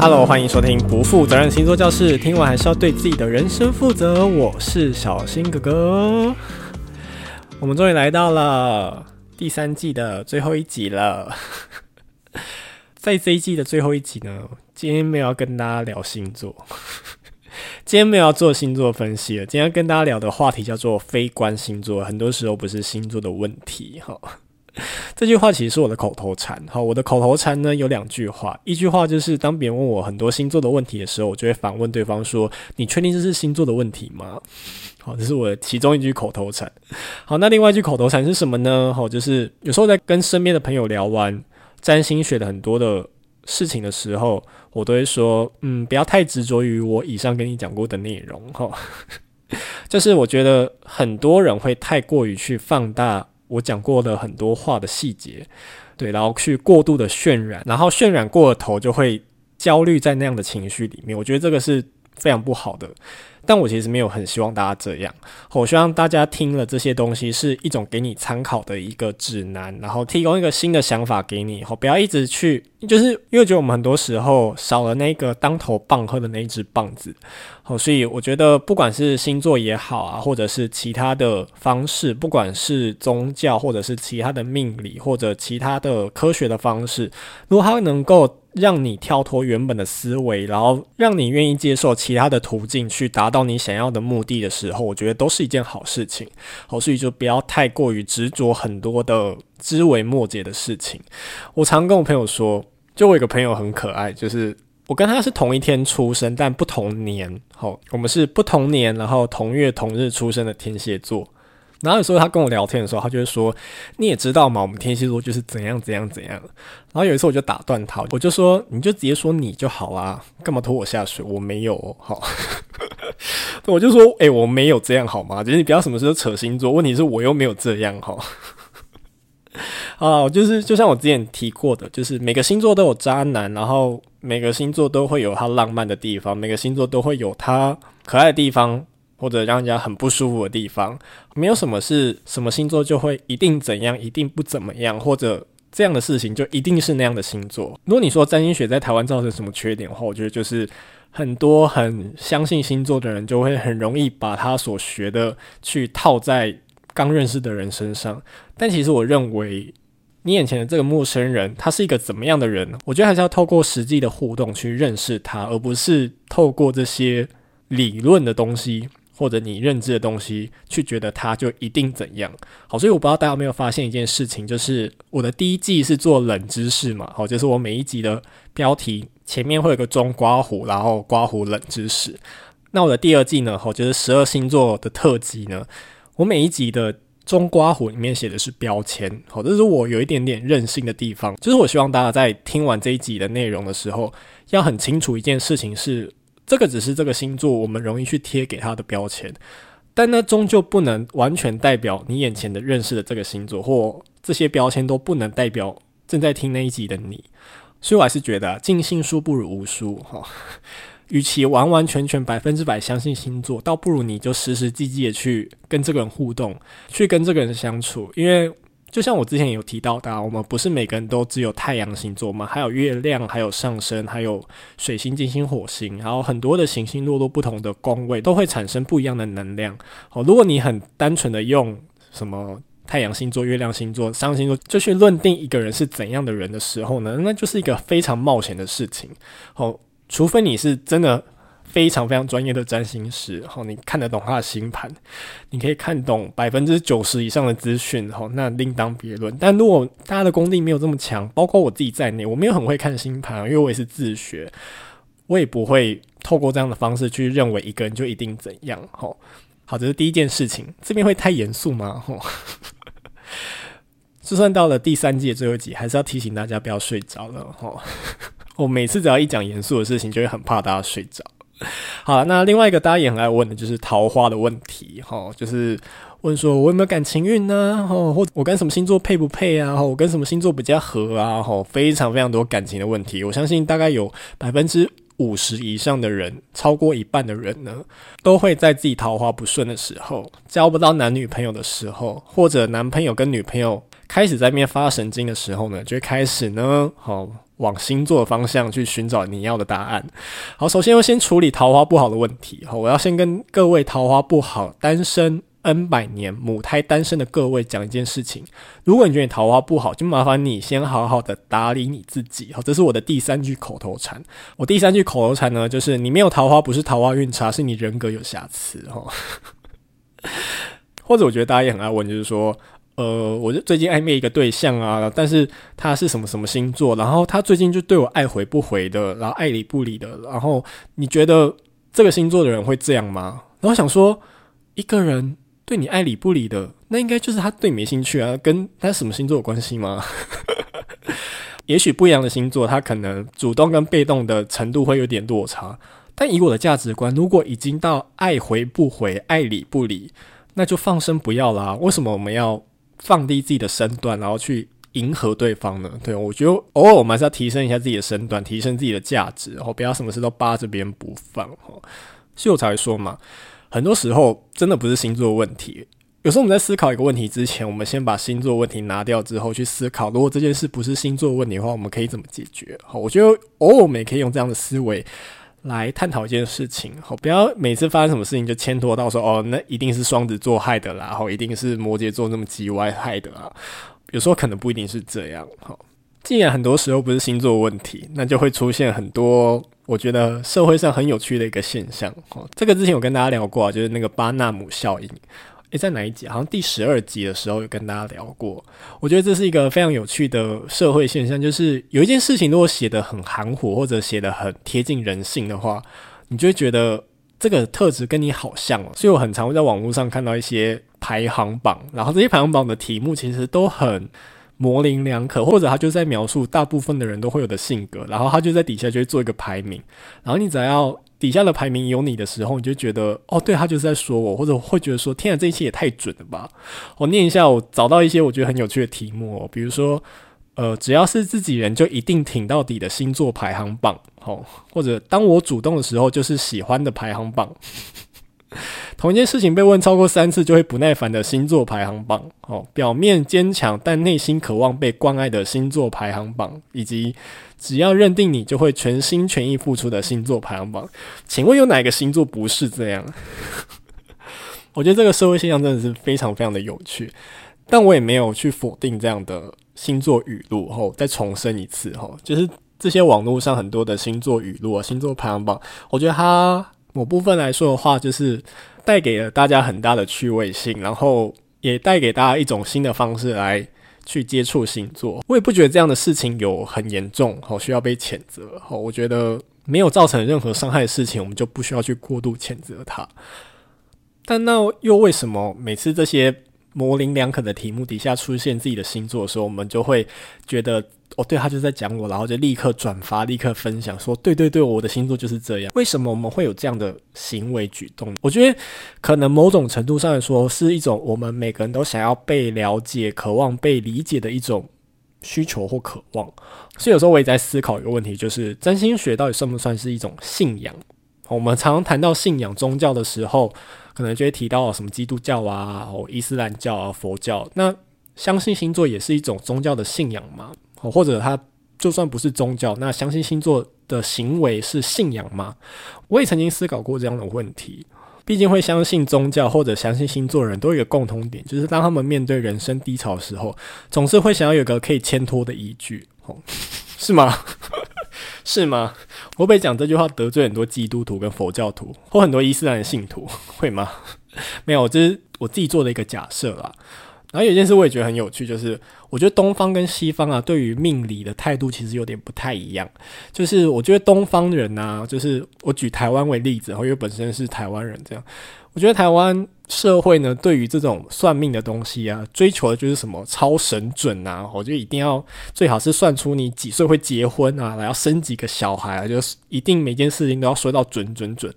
Hello，歡迎收聽《不負責任星座教室》，聽完還是要對自己的人生負責。我是小新哥哥，我們終於來到了第三季的最後一集了。 在這一季的最後一集呢，今天沒有要跟大家聊星座， 今天沒有要做星座分析了。今天要跟大家聊的話題叫做“非關星座”，很多時候不是星座的問題，哈。這句話其實是我的口頭禪。好，我的口頭禪呢有兩句話，一句話就是當別人問我很多星座的問題的時候，我就會反問對方說：“你確定這是星座的問題嗎？”好，這是我的其中一句口頭禪。好，那另外一句口頭禪是什麼呢？好，就是有時候在跟身邊的朋友聊完占星學的很多的事情的時候，我都會說：“嗯，不要太執着於我以上跟你講過的內容。”哈，就是我覺得很多人會太過於去放大。我講過的很多話的細節，對，然後去過度的渲染，然後渲染過了頭，就會焦慮在那樣的情緒裡面。我覺得這個是非常不好的。但我其實沒有很希望大家這樣、哦，我希望大家聽了這些東西是一種給你參考的一個指南，然後提供一個新的想法給你，然、哦、後不要一直去，就是因為我覺得我們很多時候少了那個當頭棒喝的那一隻棒子，好、哦，所以我覺得不管是星座也好啊，或者是其他的方式，不管是宗教或者是其他的命理或者其他的科學的方式，如果他能夠。讓你跳脫原本的思維，然後讓你願意接受其他的途徑去達到你想要的目的的時候，我覺得都是一件好事情。好，所以就不要太過於執着很多的枝微末節的事情。我常跟我朋友說，就我有一個朋友很可愛，就是我跟他是同一天出生，但不同年。好、哦，我們是不同年，然後同月同日出生的天蠍座。然後有時候他跟我聊天的時候，他就會說：“你也知道嘛，我們天蠍座就是怎樣怎樣怎樣。怎樣”然後有一次我就打斷他，我就說：“你就直接說你就好啦、啊，幹嘛拖我下水？我沒有，哦。’好。 ”我就說：“誒、欸，我沒有這樣好嗎？就是你不要什麼時候扯星座，問題是我又沒有這樣哈。好”啊，我就是就像我之前提過的，就是每個星座都有渣男，然後每個星座都會有他浪漫的地方，每個星座都會有他可愛的地方。或者讓人家很不舒服的地方，沒有什麼是什麼星座就會一定怎樣，一定不怎麼樣，或者這樣的事情就一定是那樣的星座。如果你說占星學在台灣造成什麼缺點的話，我覺得就是很多很相信星座的人就會很容易把他所學的去套在剛認識的人身上。但其實我認為，你眼前的這個陌生人他是一個怎麼樣的人，我覺得還是要透過實際的互動去認識他，而不是透過這些理論的東西，或者你認知的東西，去覺得它就一定怎樣。好，所以我不知道大家有沒有發現一件事情，就是我的第一季是做冷知識嘛，好，就是我每一集的標題前面會有個中括號，然後括號冷知識。那我的第二季呢，好，就是十二星座的特輯呢，我每一集的中括號裡面寫的是標籤，好，這是我有一點點任性的地方，就是我希望大家在聽完這一集的內容的時候，要很清楚一件事情是。這個只是這個星座我們容易去貼給他的標籤，但那，終究不能完全代表你眼前的、認識的這個星座，或這些標籤都不能代表正在聽那一集的你。所以，我還是覺得啊，盡信書不如無書哈、哦。與其完完全全百分之百相信星座，倒不如你就實實際際的去跟這個人互動，去跟這個人相處，因為。就像我之前也有提到的，啊，我們不是每個人都只有太陽星座嘛，還有月亮，還有上升，還有水星、金星、火星，然後很多的行星落入不同的宮位，都會產生不一樣的能量。好，哦，如果你很單純的用什麼太陽星座、月亮星座、上星座，就去論定一個人是怎樣的人的時候呢，那就是一個非常冒險的事情。好，哦，除非你是真的。非常非常專業的占星師，吼，你看得懂他的星盤，你可以看懂百分之九十以上的資訊，吼，那另當別論。但如果大家的功力沒有這麼強，包括我自己在內，我沒有很會看星盤，因為我也是自學，我也不會透過這樣的方式去認為一個人就一定怎樣，吼。好，這是第一件事情。這邊會太嚴肅嗎？吼，就算到了第三季的最後一集，還是要提醒大家不要睡着了，吼。我每次只要一講嚴肅的事情，就會很怕大家睡着。好，那另外一個大家也很愛問的就是桃花的問題，哈、哦，就是問說我有沒有感情運呢、啊？哦，或者我跟什麼星座配不配啊？哈、哦，我跟什麼星座比較合啊？哈、哦，非常非常多感情的問題，我相信大概有百分之五十以上的人，超過一半的人呢，都會在自己桃花不順的時候，交不到男女朋友的時候，或者男朋友跟女朋友開始在面發神經的時候呢，就開始呢，好、哦。往星座的方向去尋找你要的答案。好，首先我先處理桃花不好的問題。好，我要先跟各位桃花不好、單身 N 百年、母胎單身的各位講一件事情。如果你覺得你桃花不好，就麻煩你先好好的打理你自己。好，這是我的第三句口頭禪。我第三句口頭禪呢，就是你沒有桃花，不是桃花運差，是你人格有瑕疵。哈，或者我覺得大家也很愛問，就是說。呃，我最近曖昧一個對象啊，但是他是什麼什麼星座，然後他最近就對我愛回不回的，然後愛理不理的，然後你覺得這個星座的人會這樣嗎？然後想說，一個人對你愛理不理的，那應該就是他對你沒興趣啊，跟他什麼星座有關係嗎？ 也許不一樣的星座，他可能主動跟被動的程度會有點落差，但以我的價值觀，如果已經到愛回不回、愛理不理，那就放生不要啦。為什麼我們要，放低自己的身段，然後去迎合對方呢？對，我覺得偶爾我們還是要提升一下自己的身段，提升自己的價值，然後不要什麼事都扒着別人不放。所以我才會說嘛，很多時候真的不是星座問題。有時候我們在思考一個問題之前，我們先把星座問題拿掉之後去思考。如果這件事不是星座問題的話，我們可以怎麼解決？好，我覺得偶爾我們也可以用這樣的思維。來探討一件事情，好，不要每次發生什麼事情就牽拖到說，哦，那一定是雙子座害的啦，好，一定是摩羯座那麼嘰歪害的啦。有時候可能不一定是這樣，好，既然很多時候不是星座的問題，那就會出現很多我覺得社會上很有趣的一個現象，好，這個之前有跟大家聊過，就是那個巴納姆效應。誒，在哪一集？好像第十二集的時候有跟大家聊過。我覺得這是一個非常有趣的社會現象，就是有一件事情，如果寫得很含糊，或者寫得很貼近人性的話，你就會覺得這個特質跟你好像了。所以我很常會在網絡上看到一些排行榜，然後這些排行榜的題目其實都很模棱兩可，或者他就在描述大部分的人都會有的性格，然後他就在底下就會做一個排名，然後你只要。底下的排名有你的時候，你就覺得哦，對，他就是在說我，或者會覺得說，天啊，這一期也太準了吧！我、哦、念一下，我找到一些我覺得很有趣的題目、哦，比如說，呃，只要是自己人就一定挺到底的星座排行榜，哦，或者當我主動的時候就是喜歡的排行榜。 同一件事情被問超過三次就會不耐煩的星座排行榜，哦，表面堅強但內心渴望被關愛的星座排行榜，以及只要認定你就會全心全意付出的星座排行榜，請問有哪一個星座不是這樣？ 我覺得這個社會現象真的是非常非常的有趣，但我也沒有去否定這樣的星座語錄。哦，再重申一次，哦，就是這些網絡上很多的星座語錄啊、星座排行榜，我覺得它。某部分來說的話，就是帶給了大家很大的趣味性，然後也帶給大家一種新的方式來去接觸星座。我也不覺得這樣的事情有很嚴重、好需要被譴責。好，我覺得沒有造成任何傷害的事情，我們就不需要去過度譴責它。但那又為什麼每次這些模稜兩可的題目底下出現自己的星座的時候，我們就會覺得……哦，oh, 對，他就在講我，然後就立刻轉發、立刻分享，說：“對對對，我的星座就是這樣。”為什麼我們會有這樣的行為舉動？我覺得可能某種程度上來說，是一種我們每個人都想要被了解、渴望被理解的一種需求或渴望。所以有時候我也在思考一個問題，就是占星學到底算不算是一種信仰？我們常常談到信仰、宗教的時候，可能就會提到什麼基督教啊、伊斯蘭教啊、佛教。那相信星座也是一種宗教的信仰嗎？哦，或者他就算不是宗教，那相信星座的行為是信仰嗎？我也曾經思考過這樣的問題。畢竟會相信宗教或者相信星座的人，都有一個共通點，就是當他們面對人生低潮的時候，總是會想要有個可以牽托的依據，哦，是嗎？ 是嗎？我被講這句話得罪很多基督徒跟佛教徒，或很多伊斯蘭信徒，會嗎？沒有，這是我自己做的一個假設啦。然後有一件事我也覺得很有趣，就是我覺得東方跟西方啊，對於命理的態度其實有點不太一樣。就是我覺得東方人啊，就是我舉台灣為例子，後因為本身是台灣人，這樣，我覺得台灣社會呢，對於這種算命的東西啊，追求的就是什麼超神準啊，我覺得一定要最好是算出你幾歲會結婚啊，來要生幾個小孩，啊，就是一定每件事情都要說到準准準。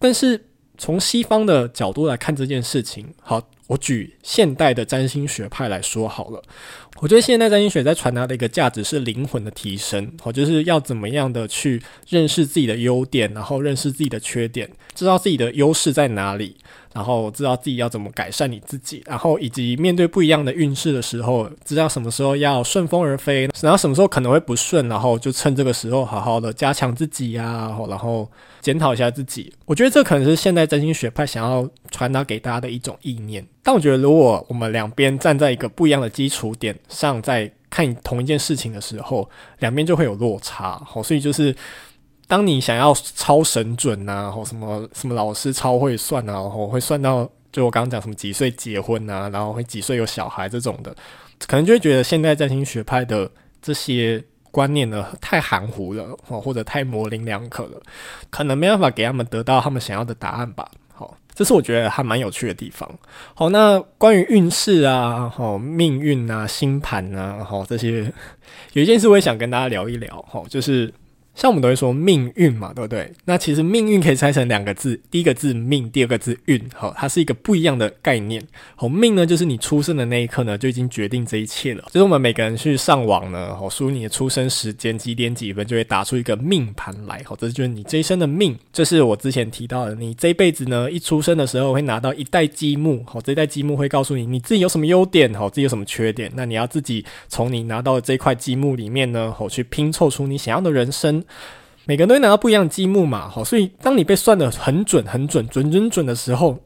但是從西方的角度來看這件事情，好。我舉現代的占星學派來說好了，我覺得現代占星學在傳達的一個價值是靈魂的提升，我就是要怎麼樣的去認識自己的優點，然後認識自己的缺點，知道自己的優勢在哪裡。然後知道自己要怎麼改善你自己，然後以及面對不一樣的運勢的時候，知道什麼時候要順風而飛，然後什麼時候可能會不順，然後就趁這個時候好好的加強自己呀、啊，然後檢討一下自己。我覺得這可能是現代占星學派想要傳達給大家的一種意念。但我覺得如果我們兩邊站在一個不一樣的基礎點上，在看同一件事情的時候，兩邊就會有落差，好，所以就是。當你想要超神準啊，後什麼什麼老師超會算啊，然後會算到就我剛剛講什麼幾歲結婚啊，然後會幾歲有小孩這種的，可能就會覺得現在占星學派的這些觀念呢太含糊了，或或者太模棱兩可了，可能沒辦法給他們得到他們想要的答案吧。好，這是我覺得還蠻有趣的地方。好，那關於運勢啊、好命運啊、星盤啊，好這些，有一件事我也想跟大家聊一聊，好，就是。像我們都會說命運嘛，對不對？那其實命運可以拆成兩個字，第一個字命，第二個字運。好，它是一個不一樣的概念。好，命呢，就是你出生的那一刻呢，就已經決定這一切了。就是我們每個人去上網呢，哦，輸入你的出生時間幾點幾分，就會打出一個命盤來。好，這就是你這一生的命。這、就是我之前提到的，你這一輩子呢，一出生的時候會拿到一袋積木。好，這一袋積木會告訴你你自己有什麼優點，好，自己有什麼缺點。那你要自己從你拿到的這塊積木裡面呢，哦，去拼湊出你想要的人生。每個人都會拿到不一樣的積木嘛，好，所以當你被算得很準、很準、準、準、準、準的時候，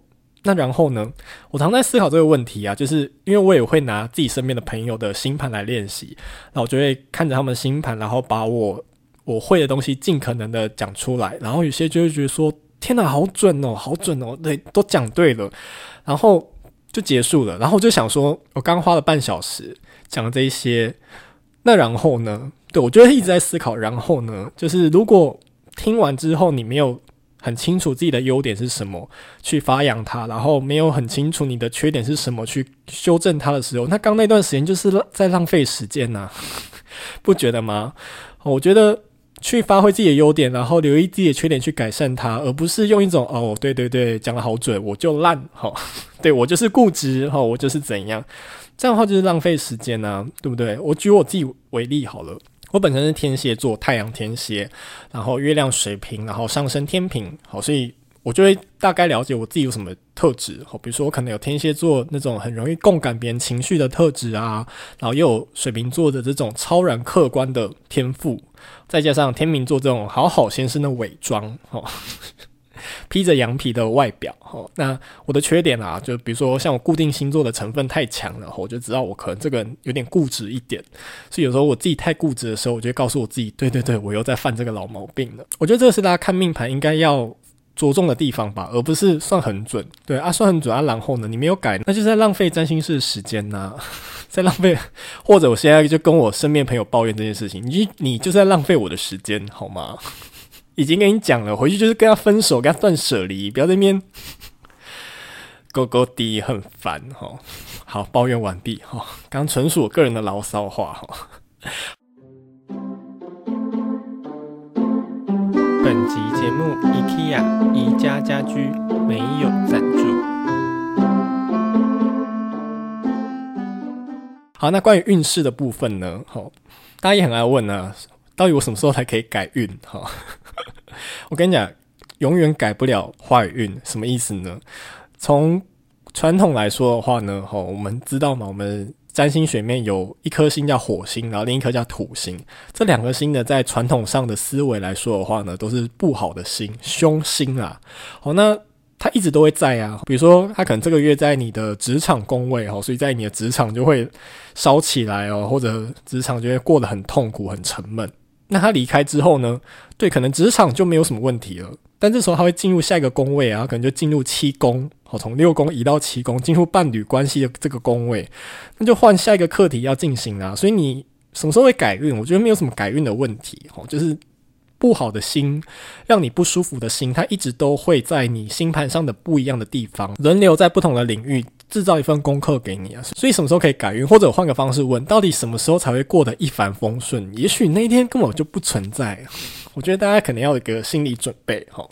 那然後呢？我常在思考這個問題啊，就是因為我也會拿自己身邊的朋友的星盤來練習，那我就會看着他們的星盤，然後把我我會的東西盡可能的講出來，然後有些就會覺得說：“天哪，好準哦，好準哦，對，都講對了。”然後就結束了，然後就想說：“我剛花了半小時講了這一些，那然後呢？”對，我覺得一直在思考。然後呢，就是如果聽完之後你沒有很清楚自己的優點是什麼，去發揚它；然後沒有很清楚你的缺點是什麼，去修正它的時候，那剛那段時間就是在浪費時間啊，不覺得嗎？我覺得去發揮自己的優點，然後留意自己的缺點去改善它，而不是用一種哦，對對對，講得好準，我就爛吼，對我就是固執哦，我就是怎樣，這樣的話就是浪費時間啊，對不對？我舉我自己為例好了。我本身是天蠍座，太陽天蠍，然後月亮水瓶，然後上升天秤，好，所以我就會大概了解我自己有什麼特質。好，比如說我可能有天蠍座那種很容易共感別人情緒的特質啊，然後又有水瓶座的這種超然客觀的天賦，再加上天秤座這種好好先生的偽裝，好。 披着羊皮的外表，哦，那我的缺點啊，就比如說像我固定星座的成分太強了，我就知道我可能這個人有點固執一點，所以有時候我自己太固執的時候，我就會告訴我自己，對對對，我又在犯這個老毛病了。我覺得這個是大家看命盤應該要着重的地方吧，而不是算很準。對啊，算很準啊，然後呢，你沒有改，那就是在浪費占星師的時間吶、啊，在浪費，或者我現在就跟我身邊朋友抱怨這件事情，你你就是在浪費我的時間，好嗎？已經跟你講了，回去就是跟他分手，跟他斷舍離，不要在那邊勾勾滴，很煩哈。好，抱怨完畢哈，剛純屬我個人的牢騷話哈。本集節目 IKEA 宜家家居沒有贊助。好，那關於運勢的部分呢？好，大家也很愛問啊。到底我什麼時候才可以改運？哈， 我跟你講，永遠改不了壞運。什麼意思呢？從傳統來說的話呢，哈，我們知道嘛，我們占星學面有一顆星叫火星，然後另一顆叫土星。這兩顆星呢，在傳統上的思維來說的話呢，都是不好的星，凶星啊。好，那它一直都會在啊。比如說，它可能這個月在你的職場宮位，哈，所以在你的職場就會燒起來哦，或者職場就會過得很痛苦、很沉悶。那他離開之後呢？對，可能職場就沒有什麼問題了。但這時候他會進入下一個宮位啊，可能就進入七宮，好，從六宮移到七宮，進入伴侶關係的這個宮位，那就換下一個課題要進行啊。所以你什麼時候會改運？我覺得沒有什麼改運的問題，哦，就是不好的心，讓你不舒服的心，它一直都會在你星盤上的不一樣的地方，輪流在不同的領域。製造一份功課給你啊，所以什麼時候可以改運，或者換個方式問，到底什麼時候才會過得一帆風順？也許那一天根本就不存在。我覺得大家可能要有一個心理準備，哈，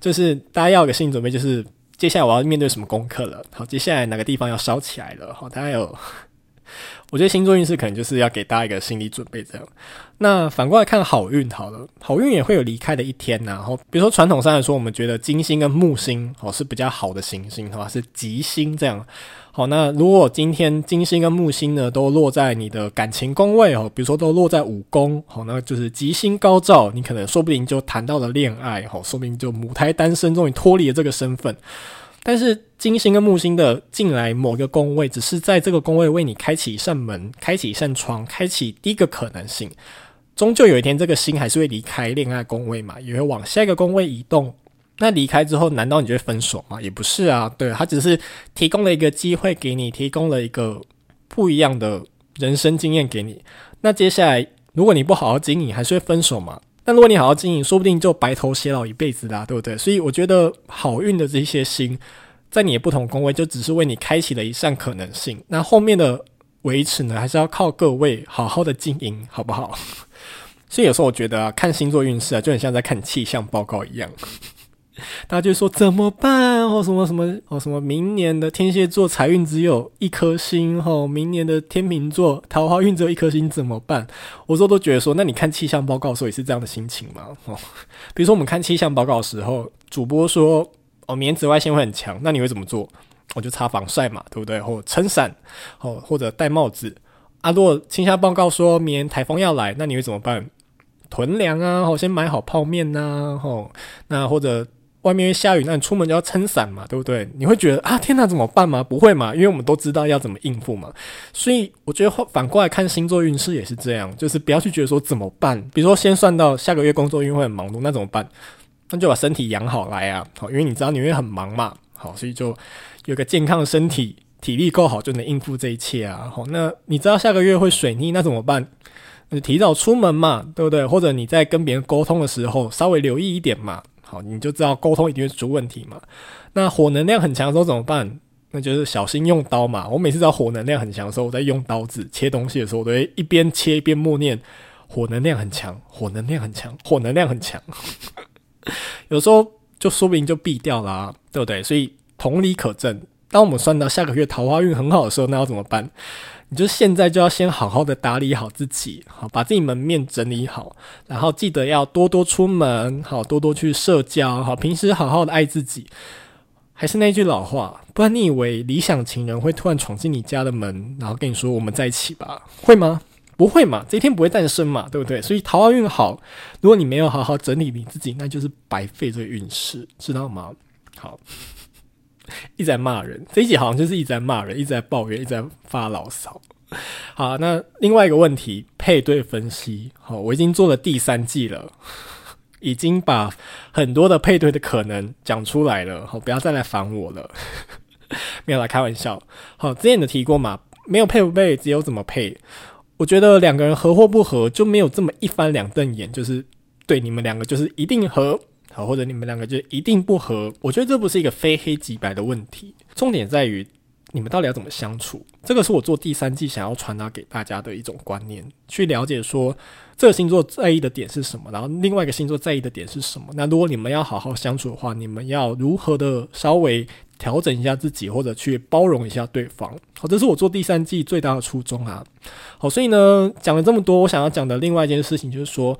就是大家要有個心理準備，就是接下來我要面對什麼功課了。好，接下來哪個地方要燒起來了？好，大家有。我覺得星座運勢可能就是要給大家一個心理準備，這樣。那反過來看好運，好了，好運也會有離開的一天啊、哦，然後，比如說傳統上來說，我們覺得金星跟木星哦是比較好的行星，哈、哦，是吉星，這樣。好、哦，那如果今天金星跟木星呢都落在你的感情宮位哦，比如說都落在五宮，好、哦，那就是吉星高照，你可能說不定就談到了戀愛，哈、哦，說不定就母胎單身終於脫離了這個身份。但是金星跟木星的進來某個宮位，只是在這個宮位為你開啟一扇門，開啟一扇窗，開啟第一個可能性。終究有一天，這個星還是會離開戀愛宮位嘛，也會往下一個宮位移動。那離開之後，難道你就會分手嗎？也不是啊，對，它只是提供了一個機會給你，提供了一個不一樣的人生經驗給你。那接下來，如果你不好好經營，還是會分手嗎？但如果你好好經營，說不定就白頭偕老一輩子啦，對不對？所以我覺得好運的這些星，在你的不同宮位，就只是為你開啟了一扇可能性。那後面的維持呢，還是要靠各位好好的經營，好不好？所以有時候我覺得啊，看星座運勢啊，就很像在看氣象報告一樣。大家就說怎麼辦？後、哦、什麼什麼哦什麼明年的天蠍座財運只有一顆星，吼、哦、明年的天秤座桃花運只有一顆星，怎麼辦？我後都覺得說，那你看氣象報告的時候也是這樣的心情嗎？哦，比如說我們看氣象報告的時候，主播說哦明年紫外線會很強，那你會怎麼做？我、哦、就擦防曬嘛，對不對？或撐傘，哦或者戴帽子。啊，如果氣象報告說明年台風要來，那你會怎麼辦？囤糧啊，吼、哦、先買好泡面吶、啊，吼、哦、那或者。外面會下雨，那你出門就要撐傘嘛，對不對？你會覺得啊，天哪，怎麼辦嘛？不會嘛，因為我們都知道要怎麼應付嘛。所以我覺得反過來看星座運勢也是這樣，就是不要去覺得說怎麼辦。比如說，先算到下個月工作運會很忙碌，那怎麼辦？那就把身體養好來啊。好，因為你知道你會很忙嘛。好，所以就有個健康的身體，體力夠好就能應付這一切啊。好，那你知道下個月會水逆，那怎麼辦？你提早出門嘛，對不對？或者你在跟別人溝通的時候，稍微留意一點嘛。好，你就知道溝通一定會出問題嘛。那火能量很強的時候怎麼辦？那就是小心用刀嘛。我每次知道火能量很強的時候，我在用刀子切東西的時候，我都會一邊切一邊默念：火能量很強，火能量很強，火能量很強。 有時候就說不定就避掉了啊，對不對？所以同理可證，當我們算到下個月桃花運很好的時候，那要怎麼辦？你就現在就要先好好的打理好自己，好把自己門面整理好，然後記得要多多出門，好多多去社交，好平時好好的愛自己。還是那句老話，不然你以為理想情人會突然闖進你家的門，然後跟你說“我們在一起吧”？會嗎？不會嘛，這一天不會誕生嘛，對不對？所以桃花運好，如果你沒有好好整理你自己，那就是白費這個運勢，知道嗎？好。一直在罵人，這一集好像就是一直在罵人，一直在抱怨，一直在發牢騷。好，那另外一個問題，配對分析，好，我已經做了第三季了，已經把很多的配對的可能講出來了，好，不要再來煩我了，呵呵沒有來開玩笑。好，之前的提過嘛，沒有配不配，只有怎麼配。我覺得兩個人合或不合，就沒有這麼一翻兩瞪眼，就是對你們兩個就是一定合。啊，或者你們兩個就一定不合。我覺得這不是一個非黑即白的問題，重點在於你們到底要怎麼相處。這個是我做第三季想要傳達給大家的一種觀念，去了解說這個星座在意的點是什麼，然後另外一個星座在意的點是什麼。那如果你們要好好相處的話，你們要如何的稍微調整一下自己，或者去包容一下對方。好，這是我做第三季最大的初衷啊。好，所以呢，講了這麼多，我想要講的另外一件事情就是說，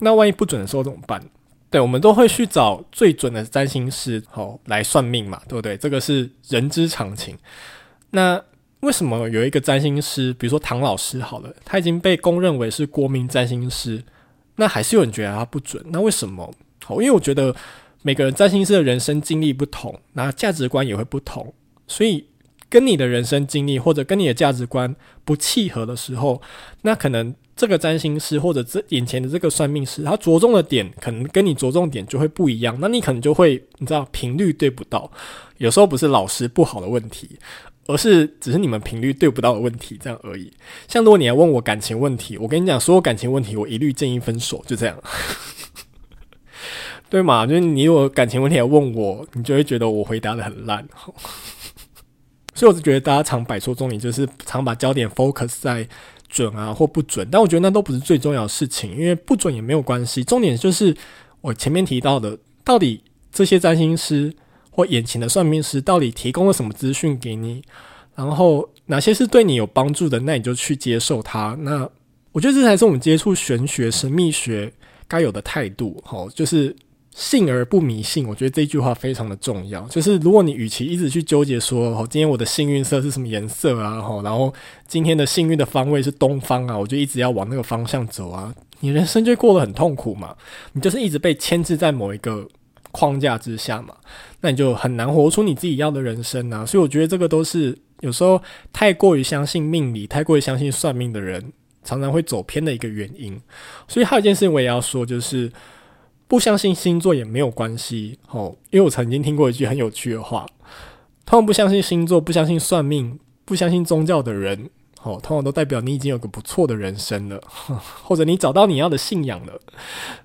那萬一不準的時候怎麼辦？對，我們都會去找最準的占星師，好、哦、來算命嘛，對不對？這個是人之常情。那為什麼有一個占星師，比如說唐老師，好了，他已經被公認為是國民占星師，那還是有人覺得他不準？那為什麼？好、哦，因為我覺得每個人占星師的人生經歷不同，那價值觀也會不同，所以跟你的人生經歷或者跟你的價值觀不契合的時候，那可能。這個占星師或者這眼前的這個算命師，他着重的點可能跟你着重點就會不一樣，那你可能就會你知道頻率對不到，有時候不是老師不好的問題，而是只是你們頻率對不到的問題這樣而已。像如果你要問我感情問題，我跟你講，所有感情問題我一律建議分手，就這樣。 對嘛？就是你有感情問題來問我，你就會覺得我回答得很爛。 所以我就覺得大家常擺錯重點，就是常把焦點 focus 在。準啊，或不準，但我覺得那都不是最重要的事情，因為不準也沒有關係。重點就是我前面提到的，到底這些占星師或眼前的算命師到底提供了什麼資訊給你，然後哪些是對你有幫助的，那你就去接受它。那我覺得這才是我們接觸玄學、神秘學該有的態度，齁，就是。信而不迷信，我覺得這句話非常的重要。就是如果你與其一直去糾結說，哦，今天我的幸運色是什麼顏色啊，然後今天的幸運的方位是東方啊，我就一直要往那個方向走啊，你人生就過得很痛苦嘛，你就是一直被牽制在某一個框架之下嘛，那你就很難活出你自己要的人生啊。所以我覺得這個都是有時候太過於相信命理、太過於相信算命的人，常常會走偏的一個原因。所以還有一件事情我也要說，就是。不相信星座也沒有關係，哦，因為我曾經聽過一句很有趣的話，通常不相信星座、不相信算命、不相信宗教的人，哦，通常都代表你已經有個不錯的人生了，或者你找到你要的信仰了。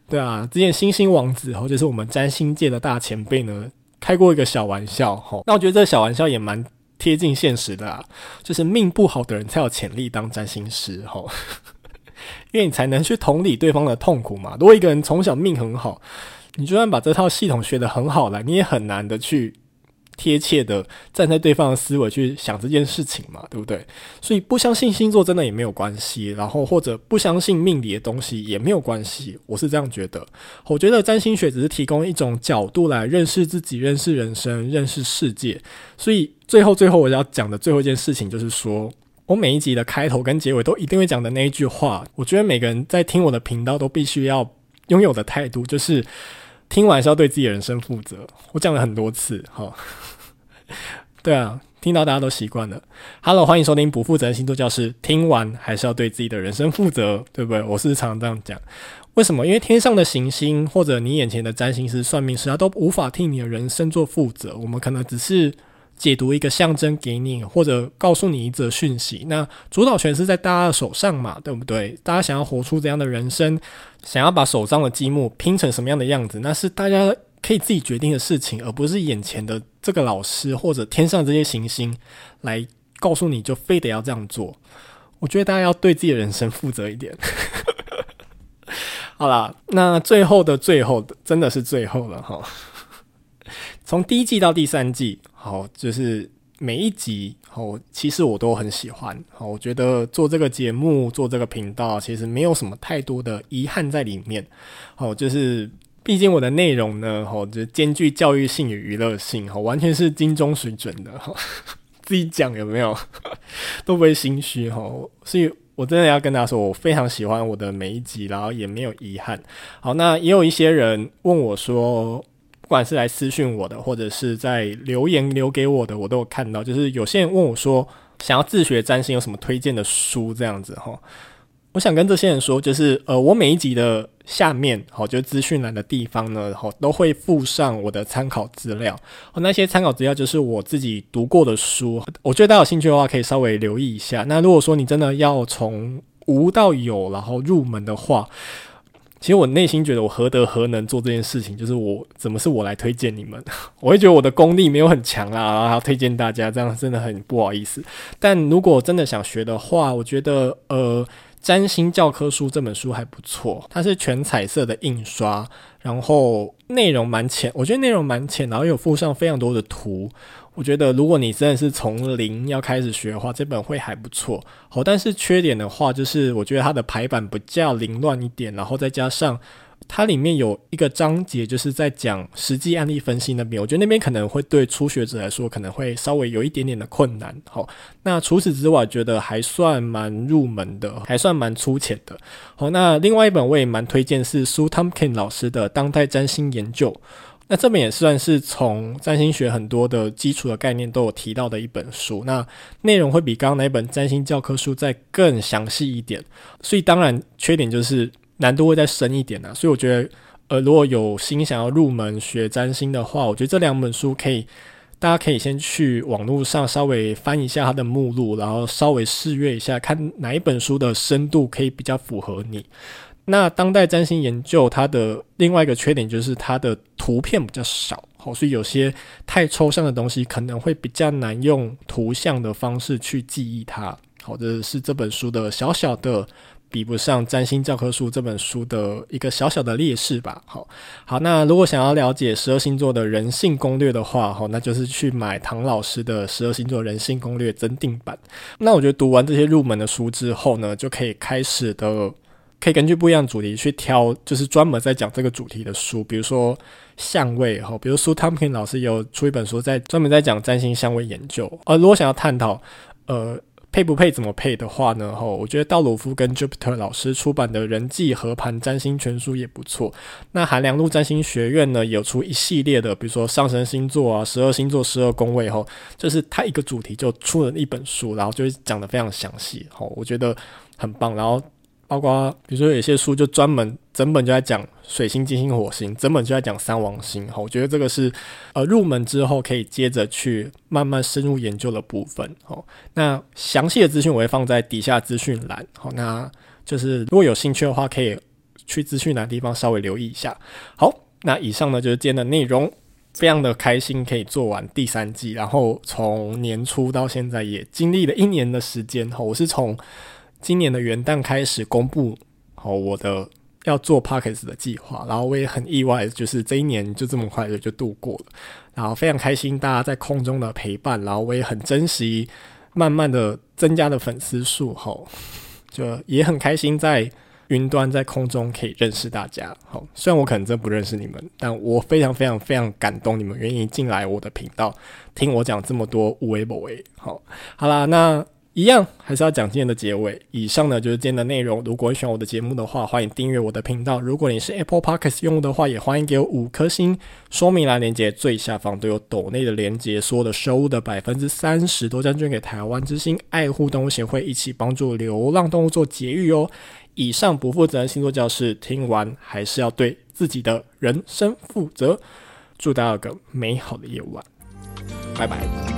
對啊，之前星星王子，吼，就是我們占星界的大前輩呢，開過一個小玩笑，吼，那我覺得這個小玩笑也蠻貼近現實的啊，就是命不好的人才有潛力當占星師，吼。因為你才能去同理對方的痛苦嘛。如果一個人從小命很好，你就算把這套系統學得很好了，你也很難的去貼切的站在對方的思維去想這件事情嘛，對不對？所以不相信星座真的也沒有關係，然後或者不相信命理的東西也沒有關係，我是這樣覺得。我覺得占星學只是提供一種角度來認識自己、認識人生、認識世界。所以最後最後我要講的最後一件事情就是說，我每一集的開頭跟結尾都一定會講的那一句話，我覺得每個人在聽我的頻道都必須要擁有的態度，就是聽完是要對自己的人生負責。我講了很多次，哈， 對啊，聽到大家都習慣了。Hello，歡迎收聽不負責任星座教室。聽完還是要對自己的人生負責，對不對？我是常常這樣講。為什麼？因為天上的行星或者你眼前的占星師、算命師，他都無法替你的人生做負責。我們可能只是。解讀一個象徵給你，或者告訴你一則訊息，那主導權是在大家的手上嘛，對不對？大家想要活出怎樣的人生，想要把手上的積木拼成什麼樣的樣子，那是大家可以自己決定的事情，而不是眼前的這個老師或者天上的這些行星來告訴你就非得要這樣做。我覺得大家要對自己的人生負責一點。 好啦，那最後的最後的，真的是最後了哈。從第一季到第三季，好，就是每一集，好、哦，其實我都很喜歡。好，我覺得做這個節目、做這個頻道，其實沒有什麼太多的遺憾在裡面。好、哦，就是畢竟我的內容呢，哈、哦，就是、兼具教育性與娛樂性，哈、哦，完全是金鐘水準的，哈、哦，自己講有沒有都不會心虛，哈、哦，所以我真的要跟大家說，我非常喜歡我的每一集，然後也沒有遺憾。好，那也有一些人問我說，不管是來私訊我的，或者是在留言留給我的，我都有看到。就是有些人問我說，想要自學占星有什麼推薦的書？這樣子哈，我想跟這些人說，就是呃，我每一集的下面，哈，就是資訊欄的地方呢，然後都會附上我的參考資料。那些參考資料就是我自己讀過的書，我覺得大家有興趣的話，可以稍微留意一下。那如果說你真的要從無到有，然後入門的話，其實我內心覺得我何德何能做這件事情，就是我怎麼是我來推薦你們？ 我會覺得我的功力沒有很強啊，然後推薦大家，這樣真的很不好意思。但如果真的想學的話，我覺得呃，《占星教科書》這本書還不錯，它是全彩色的印刷，然後內容蠻淺，我覺得內容蠻淺，然後又附上非常多的圖。我覺得，如果你真的是從零要開始學的話，這本會還不錯。好，但是缺點的話，就是我覺得它的排版比較凌亂一點，然後再加上它裡面有一個章節，就是在講實際案例分析那邊，我覺得那邊可能會對初學者來說，可能會稍微有一點點的困難。好，那除此之外，覺得還算蠻入門的，還算蠻粗淺的。好，那另外一本我也蠻推薦，是蘇湯肯老師的《當代占星研究》。那這本也算是從占星學很多的基礎的概念，都有提到的一本書，那內容會比剛剛那本占星教科書再更詳細一點，所以當然缺點就是難度會再深一點啊。所以我覺得，呃，如果有心想要入門學占星的話，我覺得這兩本書可以，大家可以先去網絡上稍微翻一下它的目錄，然後稍微試閱一下，看哪一本書的深度可以比較符合你。那當代占星研究它的另外一個缺點，就是它的圖片比較少，好，所以有些太抽象的東西可能會比較難用圖像的方式去記憶它。好，這是這本書的小小的比不上《占星教科書》這本書的一個小小的劣勢吧。好，好，那如果想要了解十二星座的人性攻略的話，好，那就是去買唐老師的《十二星座人性攻略》增訂版。那我覺得讀完這些入門的書之後呢，就可以開始的。可以根據不一樣的主題去挑，就是專門在講這個主題的書，比如說相位吼，比如蘇湯金老師有出一本書，在專門在講《占星相位研究》。而、呃、如果想要探討呃配不配怎麼配的話呢，吼，我覺得魯道夫跟 Jupiter 老師出版的《人際合盤占星全書》也不錯。那韓良露占星學院呢，有出一系列的，比如說上升星座啊、十二星座、十二宮位吼，就是他一個主題就出了一本書，然後就講得非常詳細吼，我覺得很棒。然後。包括比如說有些書就專門整本就在講水星、金星、火星，整本就在講三王星。哈，我覺得這個是呃入門之後可以接着去慢慢深入研究的部分。好、哦，那詳細的資訊我會放在底下資訊欄。好、哦，那就是如果有興趣的話，可以去資訊欄的地方稍微留意一下。好，那以上呢就是今天的內容，非常的開心可以做完第三季，然後從年初到現在也經歷了一年的時間。哈、哦，我是從。今年的元旦開始公布，好，我的要做 Podcast 的計劃，然後我也很意外，就是這一年就這麼快的就度過了，然後非常開心大家在空中的陪伴，然後我也很珍惜慢慢的增加的粉絲數，好，就也很開心在雲端在空中可以認識大家，好，雖然我可能真不認識你們，但我非常非常非常感動你們願意進來我的頻道聽我講這麼多無畏不畏，好，好啦，那。一樣還是要講今天的結尾。以上呢就是今天的內容。如果你喜歡我的節目的話，歡迎訂閱我的頻道。如果你是 Apple Podcast 用戶的話，也歡迎給我五顆星。說明欄連接最下方都有抖內的連接，所有的收入的百分之三十都將捐給台灣之心愛護動物協會，一起幫助流浪動物做節育哦。以上不負責任星座教室，聽完還是要對自己的人生負責。祝大家有個美好的夜晚，拜拜。